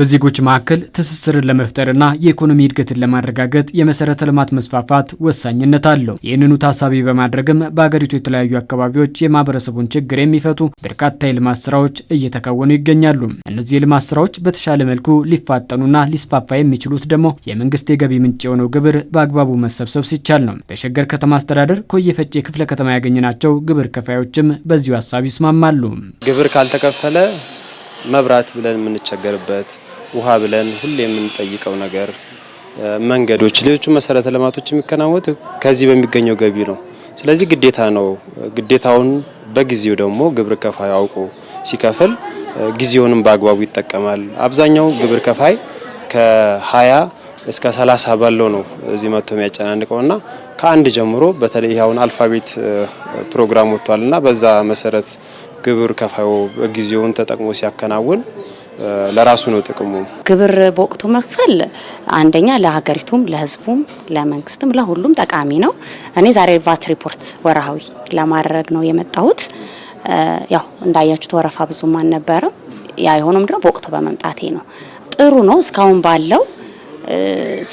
በዜጎች መካከል ትስስርን ለመፍጠርና የኢኮኖሚ እድገትን ለማረጋገጥ የመሰረተ ልማት መስፋፋት ወሳኝነት አለው። ይህንኑ ታሳቢ በማድረግም በሀገሪቱ የተለያዩ አካባቢዎች የማህበረሰቡን ችግር የሚፈቱ በርካታ የልማት ስራዎች እየተከወኑ ይገኛሉ። እነዚህ የልማት ስራዎች በተሻለ መልኩ ሊፋጠኑና ሊስፋፋ የሚችሉት ደግሞ የመንግስት የገቢ ምንጭ የሆነው ግብር በአግባቡ መሰብሰብ ሲቻል ነው። በሸገር ከተማ አስተዳደር ኮየፈጭ ክፍለ ከተማ ያገኘናቸው ግብር ከፋዮችም በዚሁ ሀሳብ ይስማማሉ። ግብር ካልተከፈለ መብራት ብለን የምንቸገርበት፣ ውሃ ብለን ሁሌ የምንጠይቀው ነገር፣ መንገዶች፣ ሌሎቹ መሰረተ ልማቶች የሚከናወኑት ከዚህ በሚገኘው ገቢ ነው። ስለዚህ ግዴታ ነው። ግዴታውን በጊዜው ደግሞ ግብር ከፋይ አውቆ ሲከፍል ጊዜውንም በአግባቡ ይጠቀማል። አብዛኛው ግብር ከፋይ ከሀያ እስከ 30 ባለው ነው እዚህ መጥቶ እና ከአንድ ጀምሮ በተለይ አሁን አልፋቤት ፕሮግራም እና በዛ መሰረት ግብር ከፋዩ ጊዜውን ተጠቅሞ ሲያከናውን ለራሱ ነው ጥቅሙ። ግብር በወቅቱ መክፈል አንደኛ ለሀገሪቱም፣ ለህዝቡም ለመንግስትም ለሁሉም ጠቃሚ ነው። እኔ ዛሬ ቫት ሪፖርት ወርሃዊ ለማድረግ ነው የመጣሁት። ያው እንዳያችሁት ወረፋ ብዙም አልነበረም። ያ የሆነው ምንድነው በወቅቱ በመምጣቴ ነው። ጥሩ ነው። እስካሁን ባለው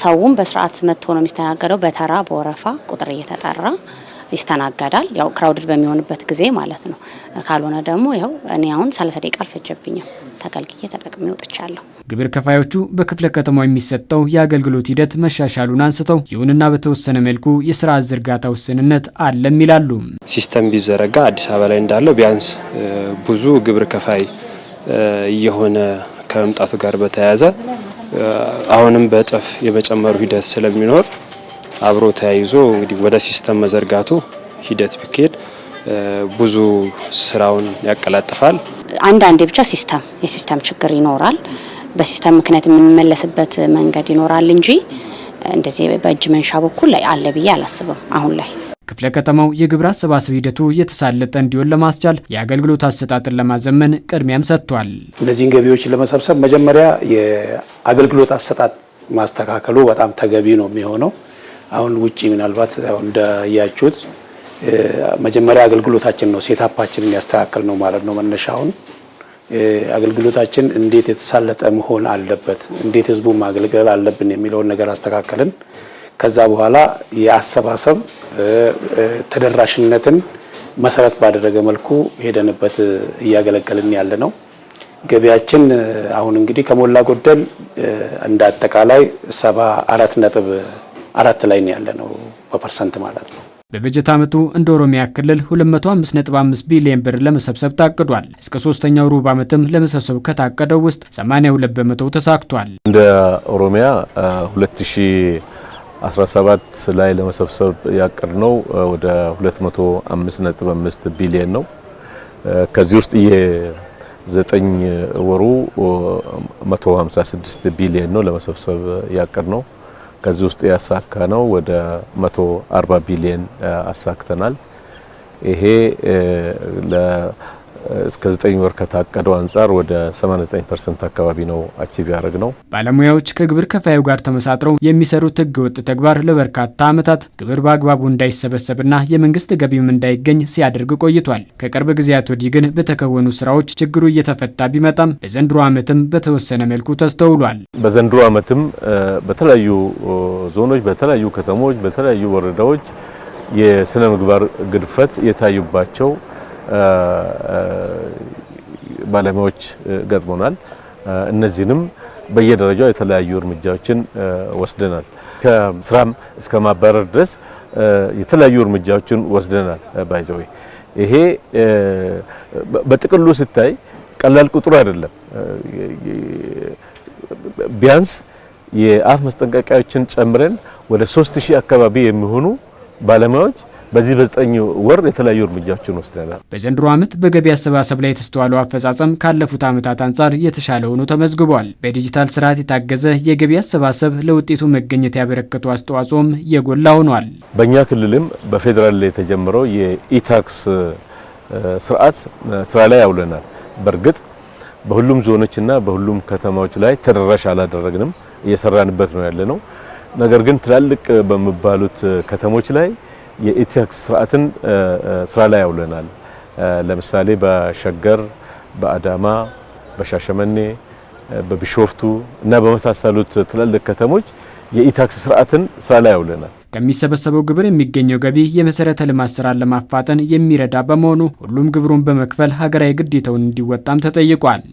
ሰውም በስርዓት መጥቶ ነው የሚስተናገደው። በተራ በወረፋ ቁጥር እየተጠራ ይስተናገዳል። ያው ክራውድድ በሚሆንበት ጊዜ ማለት ነው። ካልሆነ ደግሞ ያው እኔ አሁን 30 ደቂቃ አልፈጀብኝም ተገልግዬ ተጠቅሜ ወጥቻለሁ። ግብር ከፋዮቹ በክፍለ ከተማው የሚሰጠው የአገልግሎት ሂደት መሻሻሉን አንስተው ይሁንና በተወሰነ መልኩ የስራ ዝርጋታ ውስንነት አለም ይላሉ። ሲስተም ቢዘረጋ አዲስ አበባ ላይ እንዳለው ቢያንስ ብዙ ግብር ከፋይ እየሆነ ከመምጣቱ ጋር በተያያዘ አሁንም በእጥፍ የመጨመሩ ሂደት ስለሚኖር አብሮ ተያይዞ እንግዲህ ወደ ሲስተም መዘርጋቱ ሂደት ቢካሄድ ብዙ ስራውን ያቀላጥፋል። አንዳንዴ ብቻ ሲስተም የሲስተም ችግር ይኖራል። በሲስተም ምክንያት የምንመለስበት መንገድ ይኖራል እንጂ እንደዚህ በእጅ መንሻ በኩል አለ ብዬ አላስብም አሁን ላይ። ክፍለ ከተማው የግብር አሰባሰብ ሂደቱ የተሳለጠ እንዲሆን ለማስቻል የአገልግሎት አሰጣጥን ለማዘመን ቅድሚያም ሰጥቷል። እነዚህን ገቢዎችን ለመሰብሰብ መጀመሪያ የአገልግሎት አሰጣጥ ማስተካከሉ በጣም ተገቢ ነው የሚሆነው አሁን ውጪ ምናልባት እንዳያችሁት መጀመሪያ አገልግሎታችን ነው ሴታፓችን የሚያስተካከል ነው ማለት ነው። መነሻውን አገልግሎታችን እንዴት የተሳለጠ መሆን አለበት፣ እንዴት ህዝቡ ማገልገል አለብን የሚለውን ነገር አስተካከልን። ከዛ በኋላ የአሰባሰብ ተደራሽነትን መሰረት ባደረገ መልኩ ሄደንበት እያገለገልን ያለ ነው። ገቢያችን አሁን እንግዲህ ከሞላ ጎደል እንደ አጠቃላይ ሰባ አራት ነጥብ አራት ላይ ነው ያለ ነው በፐርሰንት ማለት ነው። በበጀት ዓመቱ እንደ ኦሮሚያ ክልል 255 ቢሊዮን ብር ለመሰብሰብ ታቅዷል። እስከ ሶስተኛው ሩብ ዓመትም ለመሰብሰብ ከታቀደው ውስጥ 82 በመቶው ተሳክቷል። እንደ ኦሮሚያ 2017 ላይ ለመሰብሰብ ነው ወደ 255 ቢሊዮን ነው። ከዚህ ውስጥ የዘጠኝ ወሩ 156 ቢሊዮን ነው ለመሰብሰብ ነው። ከዚህ ውስጥ ያሳካ ነው ወደ 140 ቢሊዮን አሳክተናል። ይሄ እስከ 9 ወር ከታቀደው አንጻር ወደ 89% አካባቢ ነው አቺቭ ያደረግ ነው። ባለሙያዎች ከግብር ከፋዩ ጋር ተመሳጥረው የሚሰሩት ህገ ወጥ ተግባር ለበርካታ ዓመታት ግብር በአግባቡ እንዳይሰበሰብና የመንግስት ገቢም እንዳይገኝ ሲያደርግ ቆይቷል። ከቅርብ ጊዜያት ወዲህ ግን በተከወኑ ስራዎች ችግሩ እየተፈታ ቢመጣም በዘንድሮ ዓመትም በተወሰነ መልኩ ተስተውሏል። በዘንድሮ ዓመትም በተለያዩ ዞኖች፣ በተለያዩ ከተሞች፣ በተለያዩ ወረዳዎች የስነ ምግባር ግድፈት የታዩባቸው ባለሙያዎች ገጥሞናል። እነዚህንም በየደረጃው የተለያዩ እርምጃዎችን ወስደናል። ከስራም እስከ ማባረር ድረስ የተለያዩ እርምጃዎችን ወስደናል። ባይዘዌ ይሄ በጥቅሉ ሲታይ ቀላል ቁጥሩ አይደለም። ቢያንስ የአፍ መስጠንቀቂያዎችን ጨምረን ወደ ሶስት ሺህ አካባቢ የሚሆኑ ባለሙያዎች በዚህ በዘጠኝ ወር የተለያዩ እርምጃዎችን ወስደናል። በዘንድሮ ዓመት በገቢ አሰባሰብ ላይ የተስተዋለው አፈጻጸም ካለፉት ዓመታት አንጻር የተሻለ ሆኖ ተመዝግቧል። በዲጂታል ስርዓት የታገዘ የገቢ አሰባሰብ ለውጤቱ መገኘት ያበረከቱ አስተዋጽኦም የጎላ ሆኗል። በእኛ ክልልም በፌዴራል የተጀመረው የኢታክስ ስርዓት ስራ ላይ ያውለናል። በእርግጥ በሁሉም ዞኖችና በሁሉም ከተማዎች ላይ ተደራሽ አላደረግንም፣ እየሰራንበት ነው ያለ ነው። ነገር ግን ትላልቅ በሚባሉት ከተሞች ላይ የኢቴክስ ስርዓትን ስራ ላይ ያውለናል። ለምሳሌ በሸገር፣ በአዳማ፣ በሻሸመኔ፣ በቢሾፍቱ እና በመሳሰሉት ትላልቅ ከተሞች የኢታክስ ስርዓትን ስራ ላይ ያውለናል። ከሚሰበሰበው ግብር የሚገኘው ገቢ የመሰረተ ልማት ስራን ለማፋጠን የሚረዳ በመሆኑ ሁሉም ግብሩን በመክፈል ሀገራዊ ግዴታውን እንዲወጣም ተጠይቋል።